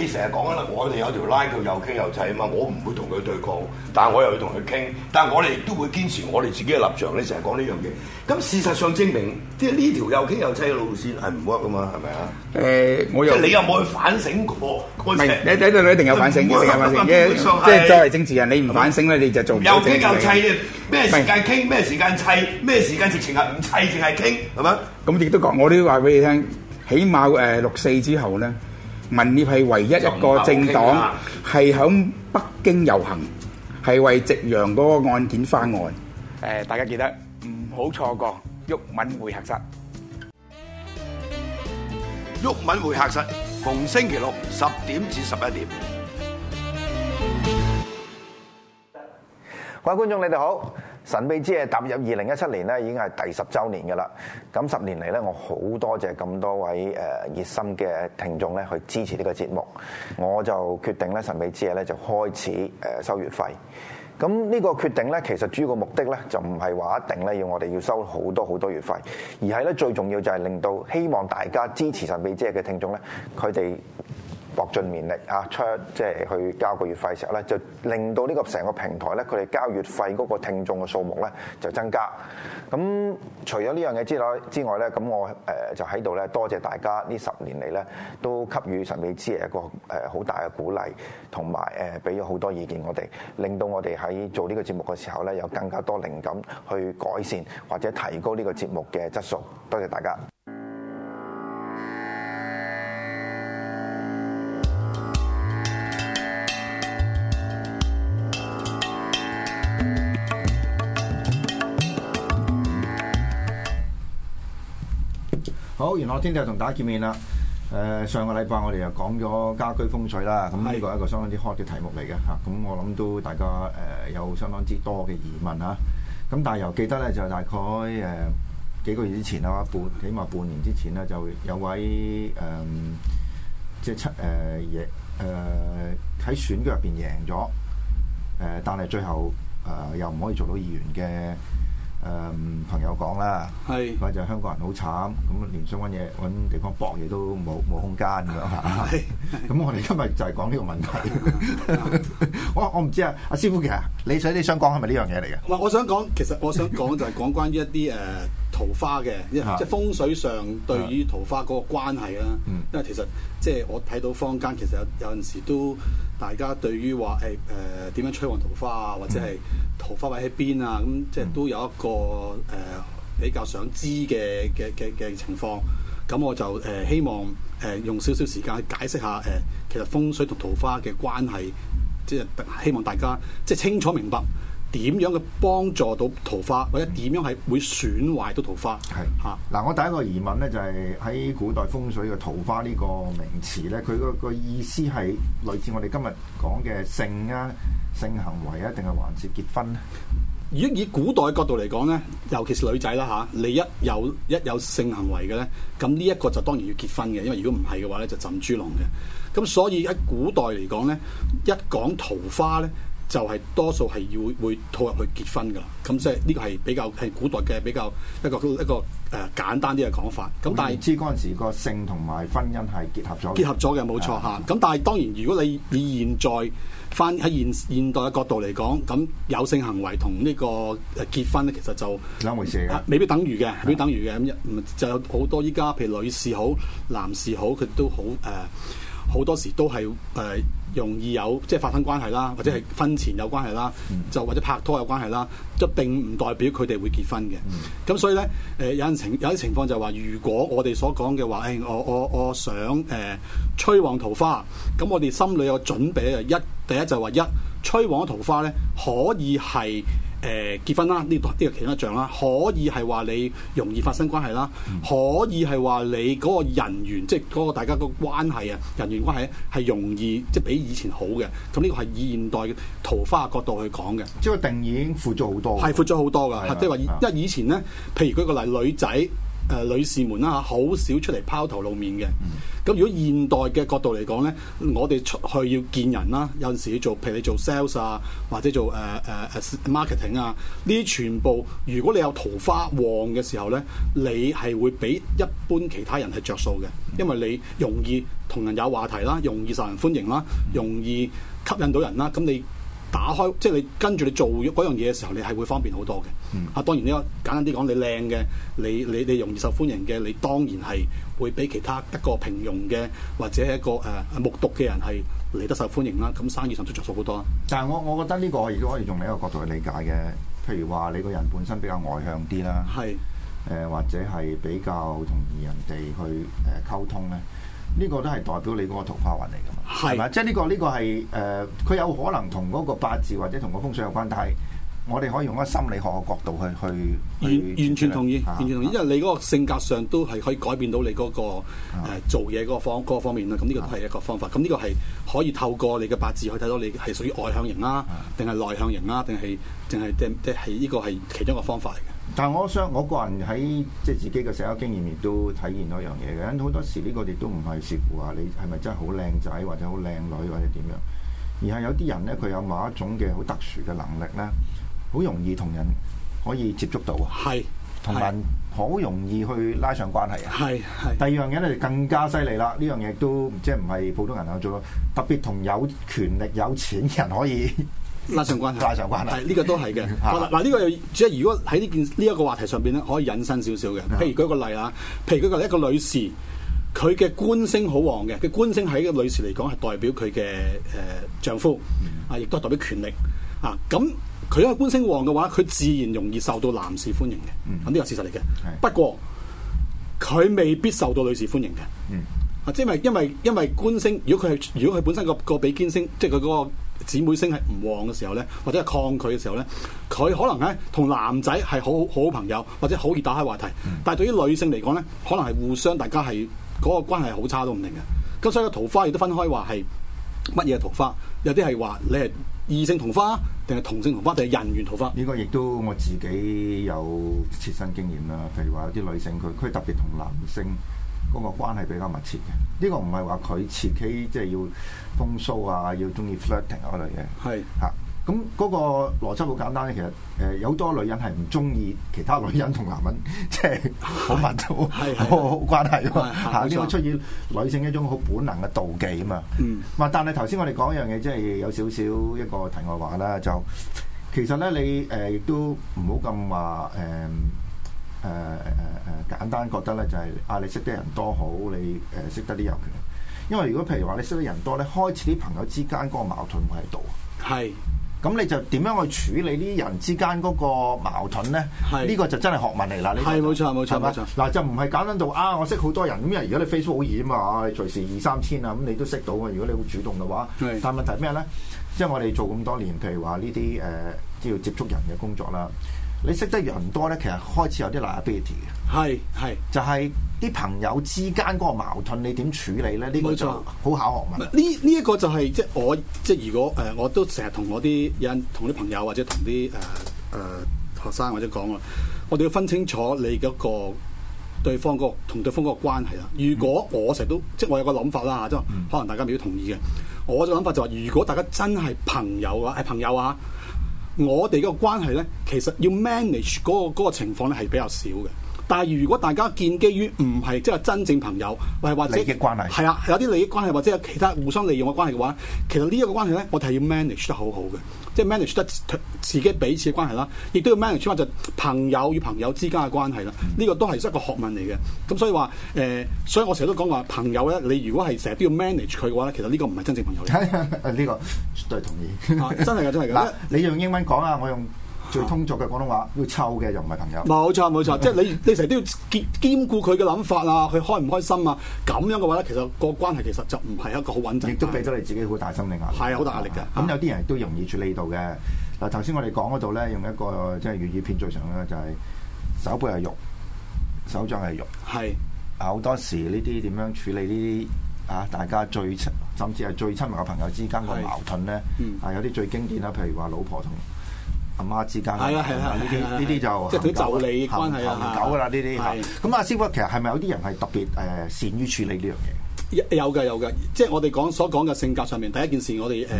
你成日講啦，我哋有條 line 叫又傾又砌啊嘛，我唔會同佢對抗，但我又要同佢傾，但我哋都會堅持我哋自己嘅立場。你成日講呢樣嘢，咁事實上證明，即係呢條又傾又砌嘅路線係唔 work 噶嘛？係咪啊？誒、呃，我又你有冇去反省過？就是、你睇到你一定有反省，一定有反省。即係作為政治人，你唔反省咧，你就做又傾又砌，咩時間傾，咩時間砌，咩時間直情係唔砌淨係傾，係嘛？咁亦都講，我都話俾你聽，起碼誒六四之後咧。民協係唯一一個政黨係喺北京遊行，係為夕陽嗰個案件翻案。誒，大家記得唔好錯過《毓民會客室》。《毓民會客室》逢星期六十點至十一點。各位觀眾，你哋好。神秘之夜踏入二零一七年咧，已經係第十週年嘅啦。咁十年嚟咧，我好多謝咁多位誒熱心嘅聽眾咧，去支持呢個節目。我就決定咧，神秘之夜咧就開始誒收月費。咁呢個決定咧，其實主要嘅目的咧，就唔係話一定咧要我哋要收好多好多月費，而係咧最重要就係令到希望大家支持神秘之夜嘅聽眾咧，佢哋，搏盡綿力啊！出即係去交個月費時候咧，就令到呢個成個平台咧，佢哋交月費嗰個聽眾嘅數目咧就增加了。咁除咗呢樣嘢之之外咧，咁我誒就喺度咧，多謝大家呢十年嚟咧都給予神秘之夜一個誒好大嘅鼓勵，同埋誒俾咗好多意見我哋，令到我哋喺做呢個節目嘅時候咧有更加多靈感去改善或者提高呢個節目嘅質素。多謝大家。好，玄學天地同大家見面啦。誒、呃，上個禮拜我哋又講咗家居風水啦。咁呢個係一個相當之 hot 嘅題目嚟嘅嚇。咁、啊、我諗都大家誒、呃、有相當之多嘅疑問嚇、啊。咁、啊、但係又記得咧，就大概誒、呃、幾個月之前啊，半起碼半年之前咧，就有位誒、呃、即係出誒贏誒喺選舉入邊贏咗。誒、呃，但係最後誒、呃、又唔可以做到議員嘅。誒、嗯、朋友講啦，佢話就香港人好慘，咁連想搵嘢搵地方搏嘢都冇冇空間咁咁。 我哋今日就係講呢個問題。 我我唔知啊，阿師傅其實你，你想你想講係咪呢樣嘢嚟嘅？唔係，我想講其實我想講就係講關於一啲誒。 啊桃花嘅，即係風水上對於桃花嗰個關係啦、嗯。因為其實即係我睇到坊間其實有有陣時都大家對於話誒誒點樣催旺桃花啊，或者係桃花位喺邊啊，咁即係都有一個誒、呃、比較想知嘅嘅嘅嘅情況。咁我就誒、呃、希望誒、呃、用少少時間去解釋下誒、呃，其實風水同桃花嘅關係，即係希望大家即係清楚明白。點樣去幫助到桃花，或者點樣係會損壞到桃花？係吓嗱，我第一個疑問呢，就係喺古代風水嘅桃花呢個名詞呢，佢個意思係類似我哋今日講嘅性啊、性行為啊，定係還是結婚呢？如果以古代角度嚟講呢，尤其是女仔啦吓，你一有一有性行為嘅呢，咁呢一個就當然要結婚嘅，因為如果唔係嘅話呢，就浸豬籠嘅。咁所以喺古代嚟講呢，一講桃花呢，就係、是、多數係會會套入去結婚噶啦，咁即係呢個係比較係古代嘅比較一個一個誒、呃、簡單啲嘅講法。咁但係知嗰陣時個性同埋婚姻係結合咗，結合咗嘅冇錯嚇。咁、啊、但係當然，如果你以現在翻喺現,現代嘅角度嚟講，咁有性行為同呢個誒結婚咧，其實就兩回事嘅、啊呃，未必等於嘅，未必等於嘅。咁、啊嗯、就有好多依家譬如女士好、男士好，佢都好誒。呃好多時都係、呃、容易有即係發生關係啦，或者係婚前有關係啦，就或者拍拖有關係啦，即並並唔代表佢哋會結婚嘅。咁所以呢，呃、有啲情有啲情況就話，如果我哋所講嘅話，哎、我我我想誒催、呃、旺桃花，咁我哋心裏有準備一第一就話一催旺桃花呢，可以係。誒結婚啦，呢、這個呢、這個其他像啦，可以係話你容易發生關係啦，嗯、可以係話你嗰個人緣，即係嗰個大家個關係啊，人緣關係係容易，即、就、係、是、比以前好嘅。咁呢個係以現代桃花角度去講嘅，即係定義已經闊咗好多，係闊咗好多噶。即係話，因、就是、以前咧，譬如舉個例，女仔。誒、呃、女士們啦、啊、好少出嚟拋頭露面嘅。咁如果現代嘅角度嚟講咧，我哋出去要見人啦，有陣時要做，譬如你做 sales 啊，或者做、呃呃、marketing 啊，呢啲全部如果你有桃花旺嘅時候咧，你係會比一般其他人係着數嘅，因為你容易同人有話題啦，容易受人歡迎啦，容易吸引到人啦，咁你打開，即係你跟住你做嗰樣嘢嘅時候，你係會方便好多嘅、嗯。啊，當然呢個簡單啲講，你靚嘅，你你你容易受歡迎嘅，你當然係會比其他一個平庸嘅或者一個、呃、木獨嘅人係嚟得受歡迎啦。咁生意上都着數好多啦。但係我我覺得呢個如果可以用呢一個角度去理解嘅。譬如話你個人本身比較外向啲啦，係、呃，或者係比較同意人哋去、呃、溝通咧。呢、這個都係代表你嗰、就是、個桃花運嚟㗎嘛，係、呃、嘛？即係呢個呢個係誒，佢有可能同嗰個八字或者同個風水有關，但係我哋可以用一個心理學嘅角度去去。完完全同意、啊，完全同意，因為你嗰個性格上都係可以改變到你嗰、那個、啊呃、做嘢嗰、那個方各方面啦。咁呢個都係一個方法，咁、啊、呢個係可以透過你嘅八字去睇到你係屬於外向型啦、啊，定、啊、係內向型啦、啊，定係定係即係呢個係其中一個方法嚟。但我想，我個人喺即係自己嘅社交經驗面都體現到一樣嘢嘅，好多時呢個亦都唔係視乎話你係咪真係好靚仔或者好靚女或者點樣，而係有啲人呢，佢有某一種嘅好特殊嘅能力呢，好容易同人可以接觸到啊，係同人好容易去拉上關係啊，係第二樣嘢咧就更加犀利啦，呢樣嘢都即係唔係普通人有做特別同有權力有錢人可以。 拉上關係，係呢、 啊呢個都係嘅。嗱嗱，呢個又即係如果喺呢件呢一、呢個話題上邊咧，可以引申少少嘅。譬如舉一個例啊，譬如舉一個例一個女士，佢嘅官星好旺嘅，佢官星喺個女士嚟講係代表佢嘅誒丈夫啊，亦都係代表權力啊。咁佢因為官星旺嘅話，佢自然容易受到男士歡迎嘅。咁呢個事實嚟嘅。嗯、不過佢未必受到女士歡迎嘅。嗯即係因為因為官星，如果佢係如果佢本身個個比肩星，即係佢嗰個姊妹星係唔旺嘅時候咧，或者係抗拒嘅時候咧，佢可能咧同男仔係好好朋友，或者好易打開話題。但係對於女性嚟講咧，可能係互相大家係嗰個關係好差都唔定嘅。咁所以桃花亦都分開話係乜嘢桃花，有啲係話你係異性桃花，定係同性桃花，定係人緣桃花。呢個亦都我自己有切身經驗啦。譬如話有啲女性佢佢特別同男性。嗰、那個關係比較密切嘅。呢、這個唔係話佢自己即係要風騷啊，要中意 flirting 嗰類嘢。係嚇，咁、啊、嗰、那個邏輯好簡單嘅，其實誒、呃，有多女人係唔中意其他女人同男人、嗯、即係好、啊、密咗，好好關係咯、啊、嚇。呢個、啊啊、出現女性一種好本能嘅妒忌啊嘛。嗯。嘛，但係頭先我哋講一樣嘢，即、就、係、是、有少少一個題外話啦。就其實咧，你亦、呃、都唔好咁話誒。呃誒誒誒簡單覺得咧就係、是、啊你識得人多好你誒、呃、識得啲有權，因為如果譬如話你識得人多咧，開始啲朋友之間嗰個矛盾會喺度。係，咁你就點樣去處理啲人之間嗰個矛盾咧？呢、這個就真係學問嚟啦。係冇錯冇錯冇錯，嗱、啊、就唔係簡單到啊我識好多人，咁因為如果你 Facebook 好易啊嘛，你隨時二三千啊，咁你都識到啊。如果你好主動嘅話，係，但問題係咩咧？即係我哋做咁多年，譬如話呢啲誒，呃、要接觸人嘅工作啦。你識得人多咧，其實開始有啲 liability 嘅，係係就係、是、啲朋友之間嗰個矛盾，你點處理咧？呢、這個就好考學問。呢呢一個就係、是、即係我即係如果誒、呃，我都成日同我啲有人同啲朋友或者同啲誒誒學生或者講啦，我哋要分清楚你嗰個對方嗰個同對方嗰個關係啦。如果我成日都、嗯、即係我有個諗法啦，即係可能大家未必同意嘅，我嘅諗法就話、是：如果大家真係朋，朋友啊，係朋友啊。我哋個關係咧，其實要 manage 嗰個嗰個情況咧，係比較少嘅。但係如果大家建基於唔係即係真正朋友，或係或者係啊有啲利益關係，或者有其他互相利用嘅關係嘅話，其實呢一個關係咧，我哋係要 manage 得好好嘅，即係 manage 得自己彼此嘅關係啦，亦都要 manage 翻就朋友與朋友之間嘅關係啦。呢個都係一個學問嚟嘅。咁所以話誒，所以我成日都講話朋友咧，你如果係成日都要 manage 佢嘅話咧，其實呢個唔係真正朋友嚟。係 啊、這個，呢個絕對係同意，真係嘅，真係嘅。嗱，你用英文講啊，我用。最通俗嘅廣東話，要湊嘅又唔係朋友。冇錯冇錯，即係你你成日都要兼兼顧佢嘅諗法啊，佢開唔開心啊？咁樣嘅話咧，其實個關係其實就唔係一個好穩陣。亦都俾咗你自己好大心理壓力。係，好大壓力嘅。咁、嗯嗯嗯、有啲人都容易處理到嘅。嗱，頭先我哋講嗰度咧，用一個即係粵語片最常嘅就係、是、手背係肉，手掌係肉。係啊，好多時呢啲點樣處理呢啲啊？大家最親，甚至係最親密嘅朋友之間嘅矛盾咧、嗯，啊，有啲最經典啦，譬如話老婆同，阿媽之間係啊係啊，呢啲、啊啊啊、就即係佢就你關係啊，是啊，唔係係，㗎啦呢啲係。咁阿師傅，其實係咪有啲人係特別誒善於處理呢樣嘢？有嘅有嘅，即係我哋講所講嘅性格上面，第一件事我哋誒、呃、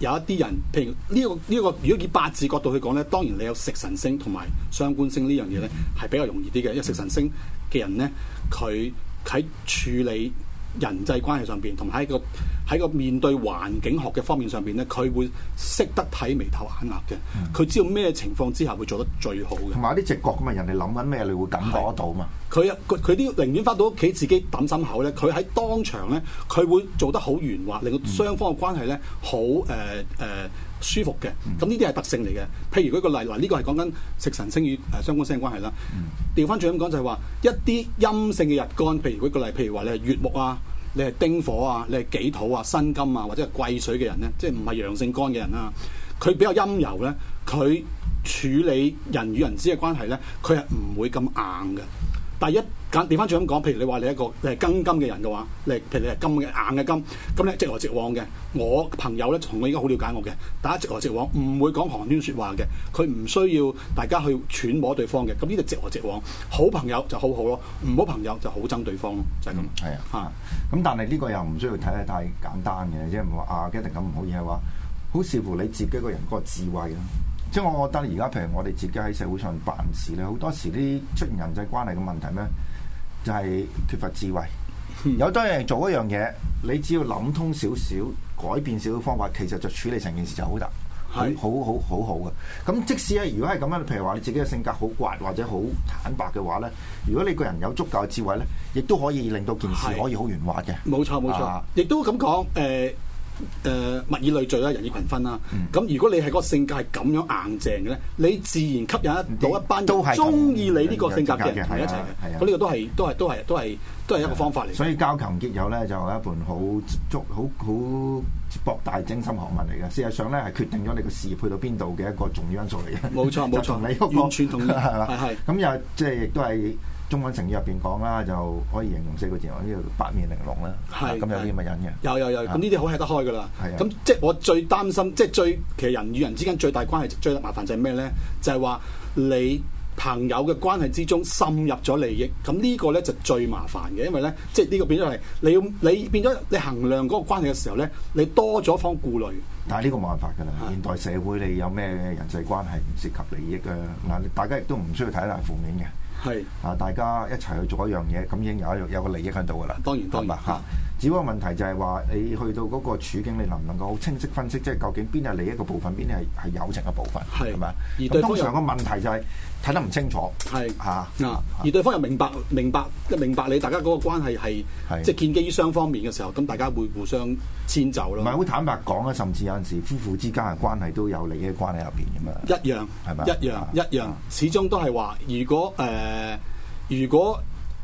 有一啲人，譬如呢、呢個呢、呢個，如果以八字角度去講咧，當然你有食神星同埋傷官星呢樣嘢咧，係、嗯、比較容易啲嘅，因為食神星嘅人咧，佢喺處理。人際關係上邊，同埋喺個喺個面對環境學嘅方面上邊咧，佢會識得睇眉頭眼額嘅，佢知道咩情況之下會做得最好嘅。同埋啲直覺咁啊，人哋諗緊咩，你會感覺得到嘛。佢佢佢都寧願翻到屋企自己揼心口咧，佢喺當場咧，佢會做得好圓滑，令到雙方嘅關係咧好誒誒舒服嘅，咁呢啲係特性嚟嘅。譬如舉個例，嗱、這、呢個係講緊食神星與誒相關性嘅關係啦。調翻轉咁講就係話，一啲陰性嘅日干，譬如舉個例，譬如話你係月木啊，你係丁火啊，你係己土啊、辛金啊，或者係癸水嘅人咧，即係唔係陽性干嘅人啊。佢比較陰柔咧，佢處理人與人之間嘅關係咧，佢係唔會咁硬嘅。第一，揀調翻轉咁講，譬如你話你一個你係金金嘅人嘅話，你係譬如你係金嘅硬嘅金，咁咧直來直往嘅。我朋友咧同我已經好了解我嘅，大家直來直往，唔會講寒暄説話嘅。佢唔需要大家去揣摩對方嘅。咁呢個直來直往，好朋友就好好咯，唔、嗯、好朋友就好憎對方咯，就係、是、咁。係啊，嚇、啊！咁但係呢個又唔需要睇得太簡單嘅，即係唔話啊一定咁唔好嘢話，好視乎你自己個人個智慧啦。即係我覺得而家譬如我哋自己喺社會上辦事咧，好多時啲出現人際關係嘅問題咧，就係、是、缺乏智慧。有啲人做一樣嘢，你只要諗通少少，改變少少方法，其實就處理成件事就好大好難，好好好好好嘅。咁即使係如果係咁樣，譬如話你自己嘅性格好倔或者好坦白嘅話咧，如果你個人有足夠嘅智慧咧，亦都可以令到件事可以好圓滑嘅。冇錯冇錯、啊，亦都咁講誒。呃誒，物以類聚啦，人以群分啦。咁、嗯、如果你係嗰個性格係咁樣硬淨嘅咧，你自然吸引得到一班都中意你呢個性格嘅人喺一齊嘅。咁呢個都係、啊啊、都係都係都係都係一個方法嚟。所以交情結友咧，就係、是、一門好足好好，好，好博大精深學問嚟嘅。事實上咧，係決定咗你個事業去到邊度嘅一個重要因素嚟。冇錯，冇錯、那個，你嗰個完全同意係嘛？係 係、啊。咁又即係亦都係。中文成語入邊講啦，就可以形容四個字，呢叫八面玲瓏啦。係咁、啊、有啲乜嘢嘅？有有有。咁呢啲好吃得開噶啦。係啊。咁即係我最擔心，即係最其實人與人之間最大關係最麻煩就係咩咧？就係、係、話你朋友嘅關係之中滲入咗利益，咁呢個咧就係、最麻煩嘅，因為咧即係呢個變咗係你要你變咗你衡量嗰個關係嘅時候咧，你多咗方顧慮。但係呢個冇辦法㗎啦。現代社會你有咩人際關係唔涉及利益啊？嗱，大家亦都唔需要睇太負面嘅。係啊！大家一齊去做一樣嘢，咁已經有一有個利益響度噶啦。當然當然啦嚇。只個問題就係話，你去到嗰個處境，你能唔能夠好清晰分析，即係究竟邊係利益嘅部分，邊啲係係友情嘅部分，係咪？咁通常個問題就係睇得唔清楚。係嚇，而對方又、啊、明白明白明白你大家嗰個關係係即係建基於雙方面嘅時候，咁大家會互相遷就咯。唔係好坦白講啊，甚至有陣時夫婦之間嘅關係都有利益嘅關係入邊咁啊。一樣係咪？一樣一樣、啊，始終都係話，如果誒，如果。呃，如果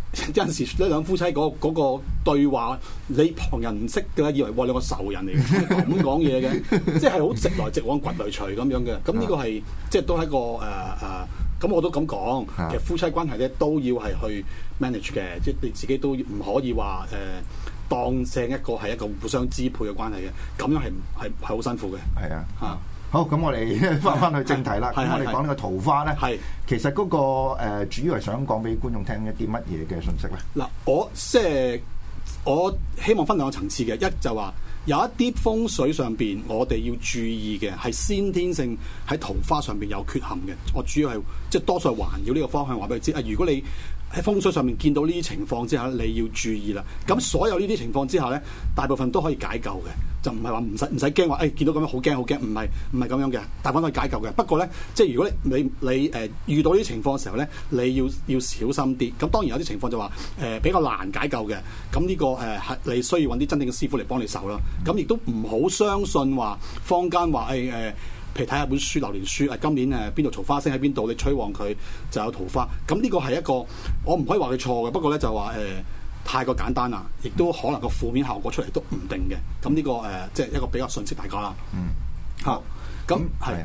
有陣時咧，兩夫妻嗰、那、嗰、個那個對話，你旁人唔識嘅，以為哇兩個仇人嚟嘅咁講嘢嘅， 是 即係好直來直往這、掘雷除咁樣嘅。咁呢個係即係都係一個誒誒，咁、呃啊、我都咁講其實夫妻關係咧，都要係去 manage 嘅，即係你自己都唔可以話誒、呃、當正一個係一個互相支配嘅關係嘅，咁樣係係係好辛苦嘅。係啊，嚇、啊。好，咁我哋翻翻去正題啦。咁我哋講呢個桃花咧，係其實嗰、那個誒、呃，主要係想講俾觀眾聽一啲乜嘢嘅信息咧。嗱，我即係我希望分兩個層次嘅，一就話有一啲風水上邊我哋要注意嘅，係先天性喺桃花上邊有缺陷嘅。我主要係即係多數係環繞呢個方向話俾佢知。啊，如果你喺風水上面見到呢啲情況之下，你要注意啦。咁所有呢啲情況之下咧，大部分都可以解救嘅，就唔係話唔使唔使驚話，誒、哎、見到咁樣好驚好驚，唔係唔係咁樣嘅，大部分都可以解救嘅。不過咧，即係如果你你誒、呃、遇到呢啲情況嘅時候咧，你要要小心啲。咁當然有啲情況就話誒、呃、比較難解救嘅，咁呢、呢個誒、呃、你需要搵啲真正嘅師傅嚟幫你手啦。咁亦都唔好相信話坊間話誒誒。欸呃譬如睇下本書《流年書》呃，啊，今年誒邊度桃花星喺邊度？你吹旺佢就有桃花。咁呢個係一個我唔可以話佢錯嘅，不過咧就話誒、呃、太過簡單啦，亦都可能個負面效果出嚟都唔定嘅。咁呢、呢個誒即係一個比較信息大家啦。嗯。嚇、啊！咁係。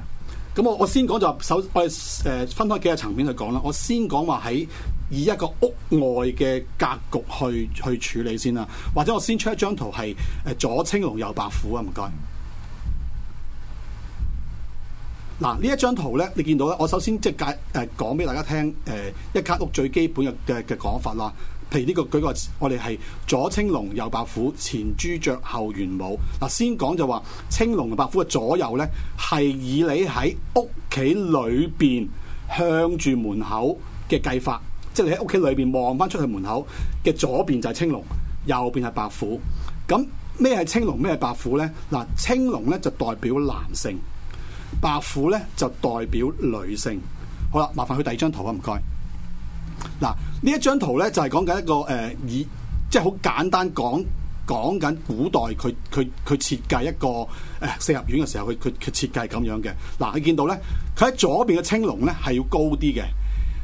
咁、嗯、我、啊、我先講就首先我誒分開幾個層面去講啦。我先講話喺以一個屋外嘅格局去去處理先啦，或者我先出一張圖係誒、呃、左青龍右白虎啊！唔該。嗱，呢一張圖呢，你見到咧？我首先即係解、呃、講俾大家聽、呃、一間屋最基本嘅嘅講法啦。譬如呢個舉個，我哋係左青龍右白虎，前朱雀後玄武。嗱，先講就話青龍白虎嘅左右呢，係以你喺屋企裏面向住門口嘅計法，即係你喺屋企裏面望翻出去門口嘅左邊就係青龍，右邊係白虎。咁咩係青龍咩係白虎呢？嗱，青龍呢就代表男性。白虎咧就代表女性，好啦，麻煩去第二張圖啊，唔該。嗱，一張呢一張圖咧就係講緊一個誒，以、呃、即係好簡單講講緊古代佢佢佢設計一個誒、呃、四合院嘅時候，佢佢佢設計咁樣嘅。嗱，你見到咧，佢喺左邊嘅青龍咧係要高啲嘅，誒、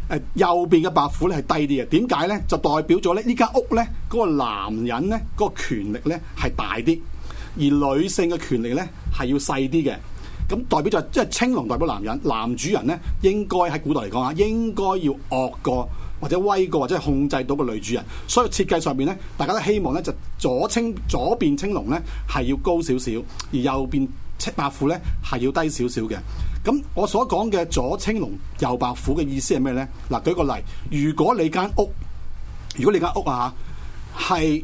呃、右邊嘅白虎咧係低啲嘅。點解咧？就代表咗咧呢間屋咧嗰個男人咧、嗰個權力咧係大啲，而女性嘅權力咧係要細啲嘅。咁代表就即係青龍代表男人，男主人呢，應該喺古代嚟講啊，應該要惡過或者威過或者控制到個女主人，所以設計上面呢，大家都希望呢就左青左邊青龍呢係要高少少，而右邊白虎呢係要低少少嘅。咁我所講嘅左青龍右白虎嘅意思係咩呢？嗱，舉個例，如果你間屋，如果你間屋啊係係。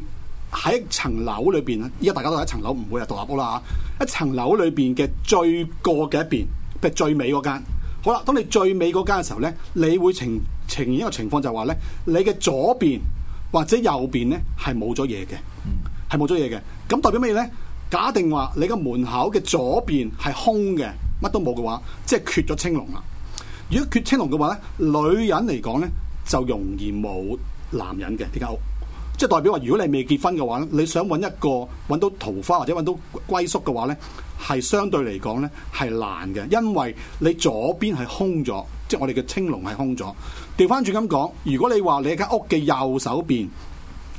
喺一層樓裏邊咧，依家大家都係一層樓，唔會有獨立屋啦。一層樓裏邊嘅最過嘅一邊，譬如最尾嗰間，好啦，當你最尾嗰間嘅時候咧，你會呈呈現一個情況就係話咧，你嘅左邊或者右邊咧係冇咗嘢嘅，係冇咗嘢嘅。咁代表咩咧？假定話你嘅門口嘅左邊係空嘅，乜都冇嘅話，即係缺咗青龍啦。如果缺青龍嘅話咧，女人嚟講咧就容易冇男人嘅呢間屋。即係代表話，如果你未結婚嘅話，你想揾一個揾到桃花或者揾到歸宿嘅話呢，係相對嚟講呢係難嘅，因為你左邊係空咗，即係我哋嘅青龍係空咗。調翻轉咁講，如果你話你間屋嘅右手邊，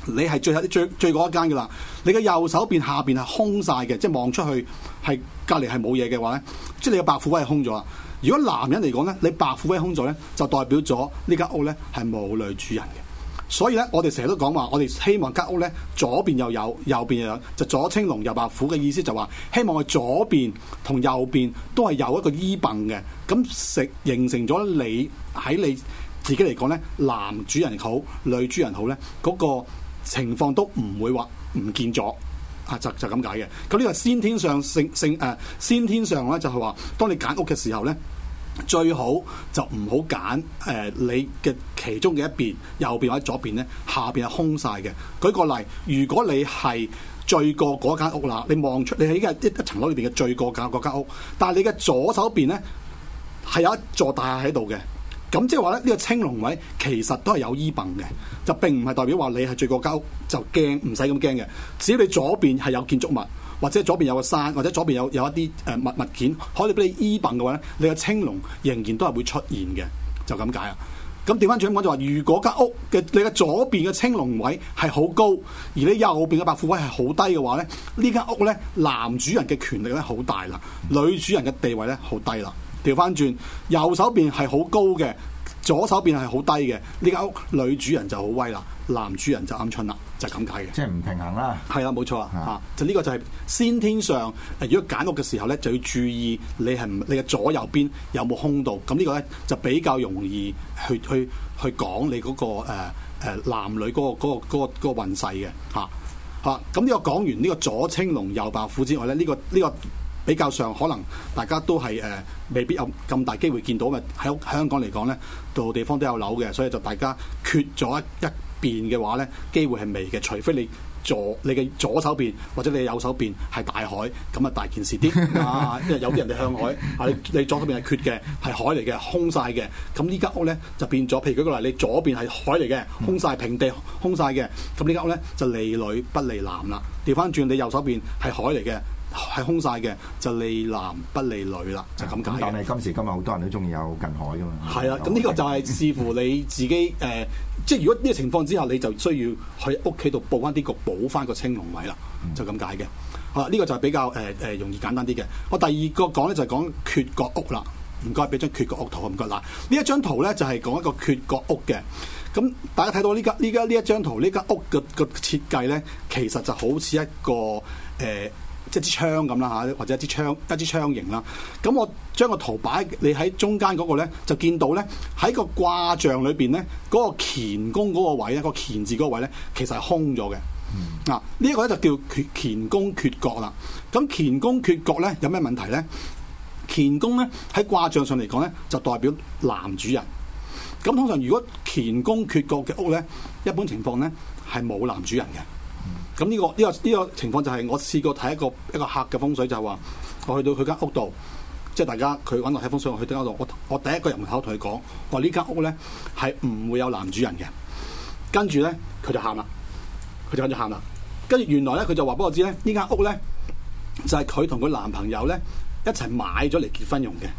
你係最後最最一間噶啦，你嘅右手邊下邊係空晒嘅，即係望出去係隔離係冇嘢嘅話呢，即係你嘅白虎位係空咗喇。如果男人嚟講呢，你白虎位空咗呢，就代表咗呢間屋呢係冇女主人嘅。所以咧，我哋成日都講話，我哋希望間屋咧左邊又有，右邊又有，就左青龍右白虎嘅意思，就話希望佢左邊同右邊都係有一個依傍嘅。咁食形成咗你喺你自己嚟講咧，男主人好，女主人好咧，嗰、嗰個情況都唔會話唔見咗啊！就就咁解嘅。咁呢個先天上性性先，先、呃、先天上咧就係話，當你揀屋嘅時候咧。最好就唔好揀誒，你嘅其中嘅一邊右邊或者左邊呢，下邊係空晒嘅。舉個例，如果你係最過嗰間屋啦，你望出你係已經係一一層樓裏邊嘅最過間嗰間屋，但係你嘅左手邊呢，係有一座大廈喺度嘅，咁即係話咧呢、呢個青龍位其實都係有依傍嘅，就並唔係代表話你係最過間屋就驚，唔使咁驚嘅，只要你左邊係有建築物，或者左邊有個山，或者左邊有有一啲誒物物件，可以俾你依憑嘅話咧，你嘅青龍仍然都係會出現嘅，就咁解啊。咁調翻轉我就話，如果間屋嘅你嘅左邊嘅青龍位係好高，而你右邊嘅白虎位係好低嘅話咧，這呢間屋咧男主人嘅權力咧好大啦，女主人嘅地位咧好低啦。調翻轉右手邊係好高嘅，左手邊係好低嘅，呢間屋女主人就好威啦，男主人就鵪鶉啦，就咁解嘅。即係唔平衡啦。係啦，冇錯啊。嚇，就呢個就係先天上，如果揀屋嘅時候咧，就要注意你係唔你嘅左右邊有冇空度。咁呢個咧就比較容易去去去講你嗰個誒、呃、男女嗰個嗰個嗰個運勢嘅嚇嚇。咁、那、呢個講、那個啊啊這個、完呢、呢個左青龍右白虎之外咧，呢個呢個。這個比較上可能大家都係誒、呃，未必有咁大機會見到嘅，喺香港嚟講咧，度地方都有樓嘅，所以就大家缺咗一一邊嘅話咧，機會係微嘅，除非你左你嘅左手邊或者你右手邊係大海，咁啊大件事啲啊，因為有啲人哋向海啊，你你左手邊係缺嘅，係海嚟嘅，空晒嘅，咁呢間屋咧就變咗。譬如舉個例，你左邊係海嚟嘅，空晒平地，空晒嘅，咁呢間屋咧就利女不利男啦。調翻轉，你右手邊係海嚟嘅。係空晒嘅，就利男不利女啦，就咁解嘅。咁但係今時今日好多人都中意有近海噶嘛，係啊。咁呢個就係視乎你自己誒、 呃，即係如果呢個情況之下，你就需要喺屋企度佈翻啲局，補翻個青龍位啦，就咁解嘅。啊、嗯，呢、這個就係比較誒誒、呃、容易簡單啲嘅。我第二個講咧就係、是、講缺角屋啦，唔該俾張缺角屋圖，唔該嗱，呢一張圖咧就係、是、講一個缺角屋嘅。咁大家睇到呢間呢間呢一張圖呢間屋嘅個設計咧，其實就好似一個誒。呃即支槍咁啦嚇，或者一支槍，一支槍形啦。咁我將個圖擺在你喺中間嗰個咧，就見到咧喺個卦象裏邊咧，嗰、那個乾宮嗰個位咧，那個乾字嗰個位咧，其實係空咗嘅。嗱、嗯，呢、啊、一、這個咧就叫乾乾宮缺角啦。咁乾宮缺角咧有咩問題咧？乾宮咧喺卦象上嚟講咧，就代表男主人。咁通常如果乾宮缺角嘅屋咧，一般情況咧係冇男主人嘅。咁呢個呢個呢個情況就係我試過睇一個一個客嘅風水，就係話我去到佢間屋度，即係大家佢搵我睇風水，我去到間屋度。我我第一個入門口同佢講，我話呢間屋咧係唔會有男主人嘅。跟住咧佢就喊啦，佢就跟住喊啦。跟住原來咧佢就話俾我知咧，呢間屋咧就係佢同佢男朋友咧一齊買咗嚟結婚用嘅。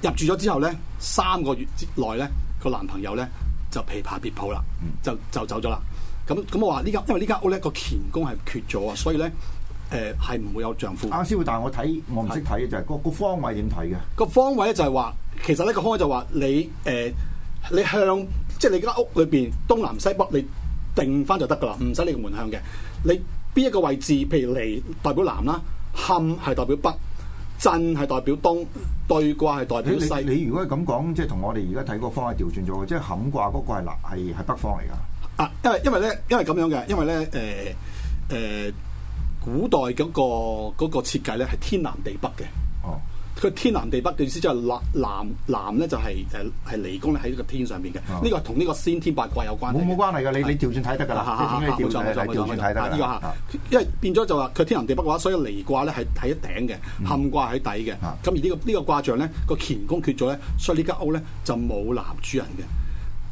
入住咗之後咧三個月之內咧，個男朋友咧就琵琶別抱啦，就就走咗啦。咁咁我話呢間，因為這屋呢間屋咧個乾宮係缺咗啊，所以咧誒係唔會有丈夫。阿師傅，但係我睇我唔識睇嘅就係、是、個方位點睇嘅？個方位咧就係話，其實呢個開就話你誒、呃，你向即係、就是、你間屋裏邊東南西北，你定翻就得噶啦，唔使你個門向嘅。你邊一個位置，譬如離代表南啦，坎係代表北，震係代表東，兌卦係代表西。你，你，你如果係咁講，即係同我哋而家睇個方位調轉咗，即係坎卦嗰個係南係北方嚟噶。啊，因為因為咧，因為咁樣嘅，因為咧，誒誒、呃呃，古代嗰、那個嗰、那個設計咧係天南地北嘅。哦，佢天南地北嘅意思即係南南南咧就係誒係離宮咧喺個天上邊嘅。呢、哦這個同呢個先天八卦有關係。冇冇關係㗎，你你調轉睇得㗎啦，嚇、啊、嚇、啊。調轉睇得，呢個嚇。因為變咗就話佢天南地北嘅話，所以離卦咧係喺頂嘅，坎卦喺底嘅。咁、嗯啊、而、這個這個、呢個呢個卦象咧個乾宮缺咗咧，所以呢間屋咧就冇男主人嘅。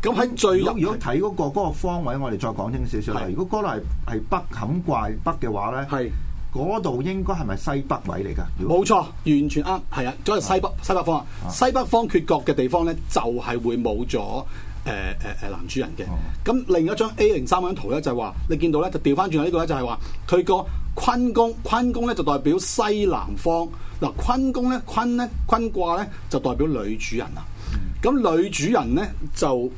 咁喺最入，如果睇嗰、嗰個嗰、嗰個方位，我哋再講清楚少少。如果嗰度係係北坎卦北嘅話咧，係嗰度應該係咪西北位嚟噶？冇錯，完全啱，係啊，所以係西北、啊、西北方啊。西北方缺角嘅地方咧，就係、是、會冇咗南男主人嘅。咁、啊、另一張 A 零三嗰張圖咧，就係、是、話你見到咧，就調翻轉呢個咧就係話佢個坤宮，坤宮咧就代表西南方。嗱，坤宮咧，坤咧，坤卦咧，就代表女主人啦。咁、嗯、女主人咧就。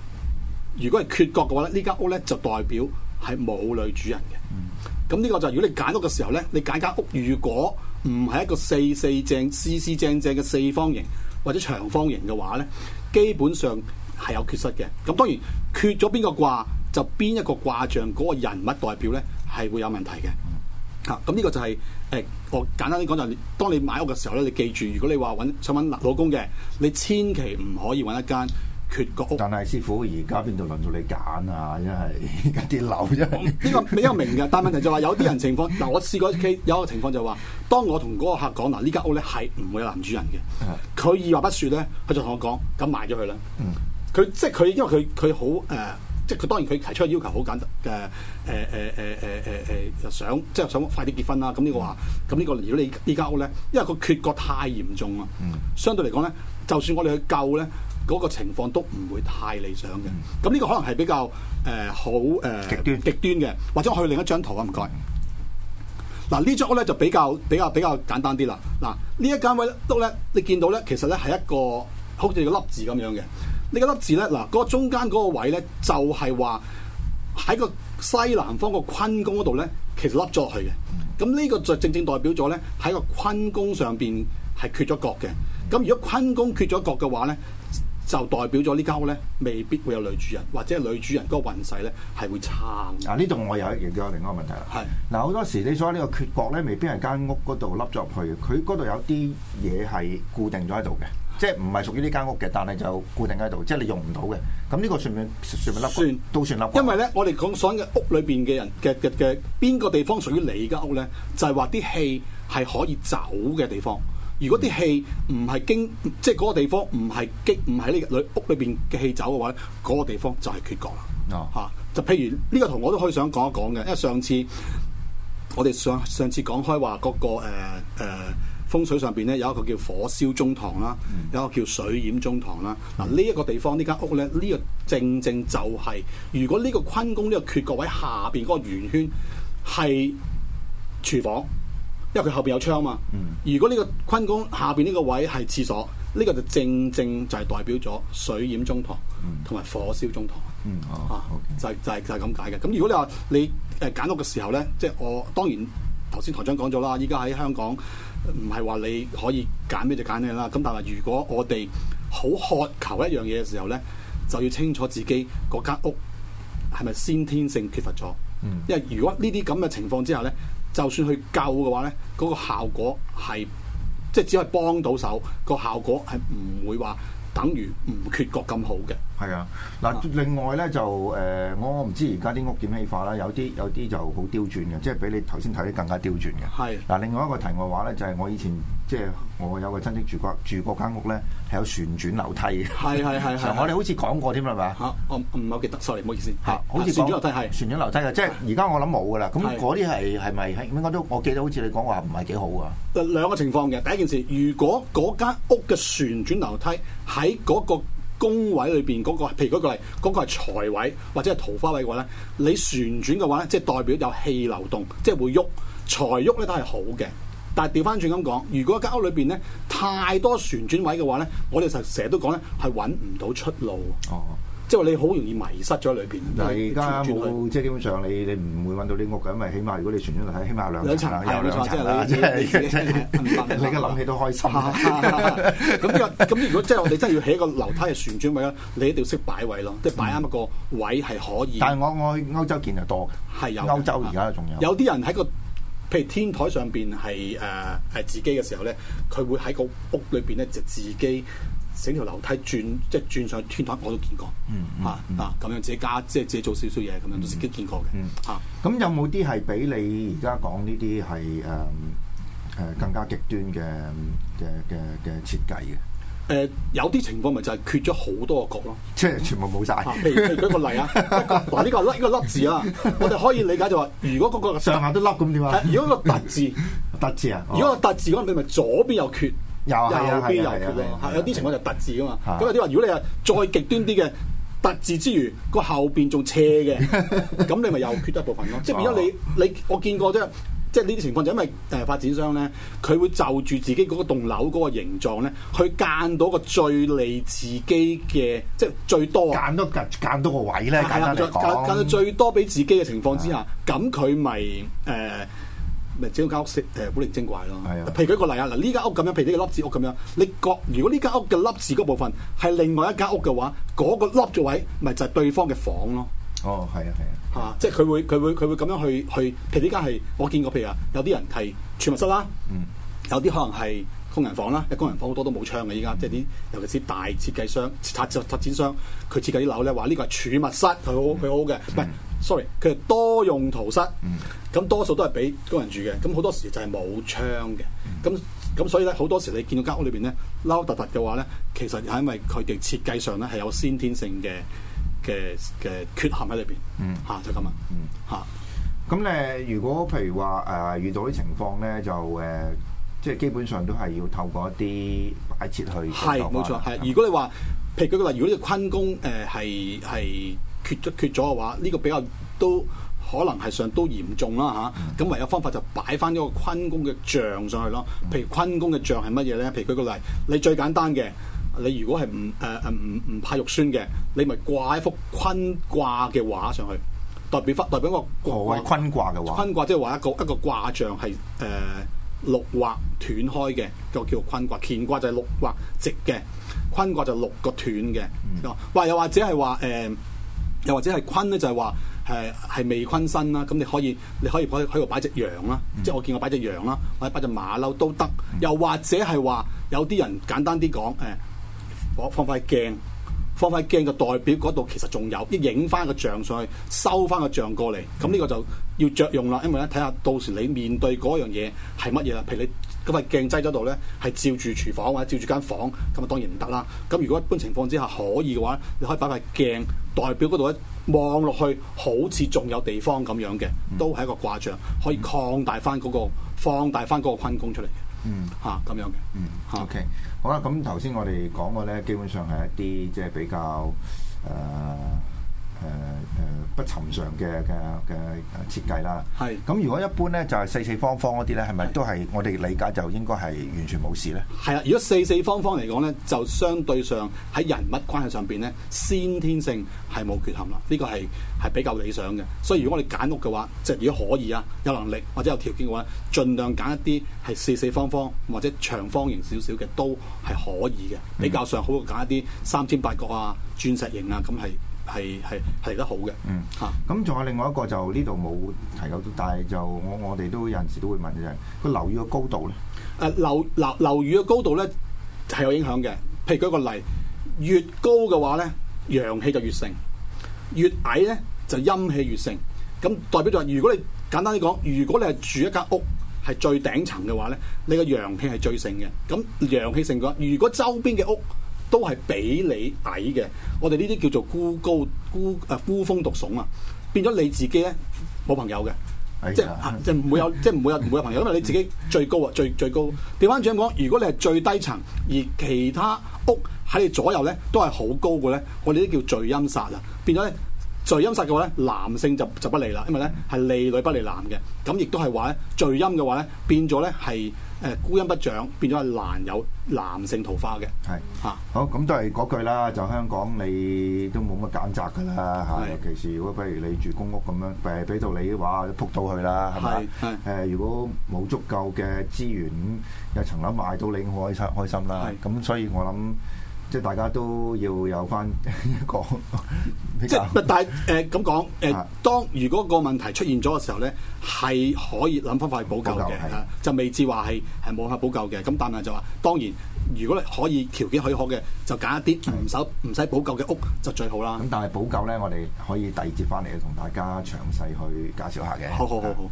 如果係缺角嘅話咧，呢間屋咧就代表係冇女主人嘅。咁呢個就係、如果你揀屋嘅時候咧，你揀間屋如果唔係一個四四正、四四正正嘅四方形或者長方形嘅話咧，基本上係有缺失嘅。咁當然缺咗邊個卦，就邊一個卦象嗰個人物代表咧係會有問題嘅。嚇！咁呢個就係、係欸、我簡單啲講就係，當你買屋嘅時候咧，你記住，如果你話揾想揾老公嘅，你千祈唔可以揾一間。缺角，但係師傅而家邊度輪到你揀啊？因為而家啲樓真係呢、嗯這個呢個比較明嘅，但問題就係有啲人情況嗱， 我試過佢有一個情況就係、是、話，當我同嗰個客講嗱，呢、啊、間、這個、屋咧係唔會有男主人嘅，佢二話不說咧，佢就同我講，咁賣咗佢啦。佢、嗯、即係佢因為佢佢好誒，即係佢當然佢提出嘅要求好簡單嘅誒誒誒誒誒誒想即係想快啲結婚啦、啊。咁呢個話咁呢、這個，如果你、這個、呢間屋咧，因為個缺角太嚴重啊、嗯，相對嚟講咧，就算我哋去救咧。嗰、那個情況都唔會太理想嘅。咁呢個可能係比較誒、呃、好誒、呃、極端極端嘅，或者我去另一張圖啊。唔該嗱，呢張屋咧就比較比較比較簡單啲啦。嗱、啊，呢一間位都咧，你見到咧，其實咧係一個好似個粒字咁樣嘅。呢、這個粒字咧，嗱、那個中間嗰個位咧，就係話喺個西南方個坤宮嗰度咧，其實凹咗落去嘅。咁呢個就正正代表咗咧喺個坤宮上邊係缺咗角嘅。咁如果坤宮缺咗角嘅話咧，就代表咗呢間屋咧，未必會有女主人，或者女主人嗰個運勢咧係會差嘅。嗱，呢度我又亦都有另外一個問題啦。係嗱，好、啊、多時你所講呢個缺角咧，未必係間屋嗰度凹咗入去，佢嗰度有啲嘢係固定咗喺度嘅，即係唔係屬於呢間屋嘅，但係就固定喺度，即係你用唔到嘅。咁呢個算唔算，算，算？算唔算凹？算都算凹。因為咧，我哋講所謂嘅屋裏邊嘅人嘅嘅嘅邊個地方屬於你間屋咧，就係話啲氣係可以走嘅地方。如果啲氣唔係經，嗯、即係嗰個地方唔係激，唔喺呢裏屋裏邊嘅氣走嘅話，嗰、那個地方就係缺角啦。嚇、哦啊，就譬如呢個圖，我都可以想講一講嘅，因為上次我哋上上次講開話嗰、那個誒誒、呃呃、風水上邊咧有一個叫火燒中堂啦、嗯，有一個叫水染中堂啦。嗱呢一個地方這呢間屋咧呢個正正就係、是，如果呢個坤宮呢個缺角位下邊嗰個圓圈係廚房。因為佢後邊有窗嘛，如果呢個坤宮下邊呢個位係廁所，呢、這個就正正就係代表咗水淹中堂，同埋火燒中堂，吓、嗯嗯哦啊 okay. 就就係就係咁解嘅。咁如果你話你誒揀屋嘅時候咧，即、就、係、是、我當然頭先台長講咗啦，依家喺香港唔係話你可以揀咩就揀咩啦。咁但係如果我哋好渴求一樣嘢嘅時候咧，就要清楚自己嗰間屋係咪先天性缺乏咗。因為如果呢啲咁嘅情況之下咧。就算去救嘅話呢，嗰、那個效果係即係只係幫到手，個效果係唔會話等於唔缺角咁好嘅。係啊，嗱，另外呢，就誒、呃，我唔知而家啲屋點起化啦，有啲有啲就好刁鑽嘅，即係比你頭先睇嘅更加刁鑽嘅。係，嗱，另外一個題外話呢，就係、是、我以前。即係我有個親戚住過住嗰間屋咧，係有旋轉樓梯嘅。係係係係。我哋好似講過添啦，係咪啊？嚇，我唔係好記得，sorry，唔好意思。嚇，好似旋轉樓梯係。旋轉樓梯嘅，即係而家我諗冇噶啦。咁嗰啲係係咪？應該都我記得好似你講話唔係幾好㗎。兩個情況嘅第一件事，如果嗰間屋嘅旋轉樓梯喺嗰個宮位裏邊嗰個，譬如嗰個例嗰個係財位或者係桃花位嘅話咧，你旋轉嘅話即係代表有氣流動，即係會喐財喐咧都係好嘅。但係調翻轉咁講，如果間屋裏邊咧太多旋轉位嘅話咧，我哋就成日都講咧係揾唔到出路。哦，即、就、係、是、你好容易迷失咗裏邊。而家冇，即係基本上你你唔會揾到啲屋嘅，因為起碼如果你旋轉嚟睇起碼，起碼有兩層啦，有兩層啦。係你話、就是、你而家諗起都開心。咁、就、咁、是，如果即係我哋真係要起一個樓梯嘅旋轉位咧，你一定要識擺位咯，即、嗯、係擺啱一個位係可以。但係我我去歐洲見得多嘅，係有歐洲而家仲有。啊、有啲人喺個。譬如天台上邊係誒誒自己嘅時候咧，佢會喺個屋裏邊咧就自己整條樓梯轉，即係轉上天台，我都見過。嗯嗯啊咁樣自己加，即係自己做少少嘢，咁樣都自己見過嘅。嗯咁、嗯啊、咁有冇啲係比你而家講呢啲係誒誒更加極端嘅嘅嘅嘅設計嘅？誒、呃、有啲情況咪就係缺咗好多個角咯，即係全部冇晒。譬、啊、如舉個例 個啊，嗱、這、呢個凹呢個凹字啊， 我哋可以理解就話，如果嗰個上下都凹咁點啊？如果個凸字，凸字啊？如果個凸字嗰陣你咪左邊又缺，又啊、右係啊係啊係、啊啊、有啲情況就凸字噶嘛。咁有啲話，如果你係再極端啲嘅、啊、凸字之餘，個後邊仲斜嘅，咁 你咪又缺一部分咯。 即係變咗你、哦、你我見過啫。即係呢啲情況就因為誒、呃、發展商咧，佢會就住自己嗰個棟樓嗰個形狀咧，去間到個最利自己嘅，即係最多間多間間多個位咧，間到最多俾自己嘅情況之下，咁佢咪誒咪整到間屋成古靈精怪咯。係啊，譬如舉個例啊，嗱，呢間屋咁樣，譬如啲凹字屋咁樣，你覺如果呢間屋嘅凹字嗰部分係另外一間屋嘅話，嗰、嗯、嗰個凹咗位咪就係對方嘅房咯。哦，係啊，係啊。嚇、啊！即係佢會佢會佢會咁樣去去。譬如呢間係我見過，譬如啊，有啲人係儲物室啦，嗯、有啲可能係工人房啦。因工人房好多都冇窗嘅。依、嗯、家即係啲，尤其是大設計商、拆拆展商，佢設計啲樓咧，話呢個係儲物室，佢好佢、嗯、好嘅。唔、嗯、係，sorry，佢係多用途室。咁、嗯、多數都係俾工人住嘅。咁好多時就係冇窗嘅。咁、嗯、咁所以咧，好多時你見到間屋裏邊咧，撈凸凸嘅話咧，其實係因為佢哋設計上咧係有先天性嘅嘅嘅缺陷喺裏邊，嗯，吓、啊、就咁、是、啊，嗯，吓咁咧，如果譬如話誒、呃、遇到啲情況咧，就誒、呃，即係基本上都係要透過一啲擺設去係冇錯，係如果你話，譬如舉個例，如果你個坤宮誒係係缺咗缺咗嘅話，呢、這個比較都可能係上都嚴重啦吓，咁、啊嗯、唯有方法就擺翻呢個坤宮嘅象上去咯。譬如坤宮嘅象係乜嘢咧？譬如舉個例，你最簡單嘅。你如果係唔誒誒唔唔怕肉酸嘅，你咪掛一幅坤卦嘅畫上去，代表代表一個係、哦、坤卦嘅畫。坤卦即係話一個一個卦象係誒、呃、六畫斷開嘅，就叫做坤卦。乾卦就係六畫直嘅，坤卦就六個斷嘅。嗯。又或者係話誒，又或者係坤咧，就係話誒係未坤身啦、啊。咁你可以你可以可以喺度擺隻羊啦、啊嗯，即係我見擺隻、啊、我擺隻羊啦，或者擺隻馬騮都得。又或者係話有啲人簡單啲講誒。呃放塊鏡，放塊鏡嘅代表嗰度其實仲有，啲影翻個像上去，收翻個像過嚟。咁呢個就要着用啦，因為咧睇下到時你面對嗰樣嘢係乜嘢啦。譬如你嗰塊鏡擠咗度咧，係照住廚房或者照住間房，咁啊當然唔得啦。咁如果一般情況之下可以嘅話，你可以擺塊鏡代表嗰度咧，望落去好似仲有地方咁樣嘅，都係一個卦象，可以擴大翻、那、嗰個放大翻嗰個坤宮出嚟嘅。嗯，吓、啊，咁樣嘅。嗯。O K。好啦，咁頭先我哋講嘅呢，基本上係一啲即係比較誒、呃誒、呃、誒、呃、不尋常嘅嘅嘅設計啦，係咁。如果一般咧，就係、是、四四方方嗰啲咧，係咪都係我哋理解就應該係完全冇事咧？係啊，如果四四方方嚟講咧，就相對上喺人物關係上邊咧，先天性係冇缺陷啦。呢、這個係係比較理想嘅。所以如果我哋揀屋嘅話，即係如果可以啊，有能力或者有條件嘅話，儘量揀一啲係四四方方或者長方形少少嘅都係可以嘅，比較上好揀一啲三尖八角啊、鑽石型啊咁係。係係係得好嘅，嗯嚇。咁仲有另外一個就呢度冇提到，但係就我我哋都有陣時都會問嘅就係個樓宇嘅高度咧。誒、呃、樓樓樓宇嘅高度咧係有影響嘅。譬如舉個例，越高嘅話咧，陽氣就越盛；越矮咧就陰氣越盛。咁代表就係如果你簡單啲講，如果你係住一間屋係最頂層嘅話咧，你個陽氣係最盛嘅。咁陽氣盛嘅話，如果周邊嘅屋，都係比你矮嘅，我哋呢啲叫做孤高孤啊，孤峰獨聳啊，變咗你自己咧冇朋友嘅，哎，即係即係唔會有即係唔會有唔會有朋友，因為你自己最高啊最最高。調翻轉講，如果你係最低層，而其他屋喺你左右咧都係好高嘅咧，我哋啲叫聚陰煞啊，變咗咧。聚陰煞嘅話咧，男性就就不利啦，因為咧係利女不利男嘅，咁亦都係話咧聚陰嘅話咧變咗咧係誒孤陰不長，變咗係難有男性桃花嘅。係嚇，好，咁都係嗰句啦，就香港你都冇乜揀擇㗎啦嚇，尤其是如果譬如你住公屋咁樣誒，俾到你嘅話，一撲到去啦，係咪啊？係誒，如果冇足夠嘅資源，有層樓買到你，我開心開心啦。係咁，所以我諗。即係大家都要有翻一個 即係但係誒咁講誒，當如果個問題出現咗嘅時候咧，係可以諗方法去補救嘅嚇，就未至話係係冇法補救嘅。咁但係就話當然，如果你可以條件許可嘅，就揀一啲唔使唔使補救嘅屋就最好啦。咁、嗯嗯、但係補救咧，我哋可以第二節翻嚟同大家詳細去介紹一下嘅。好好好好，好。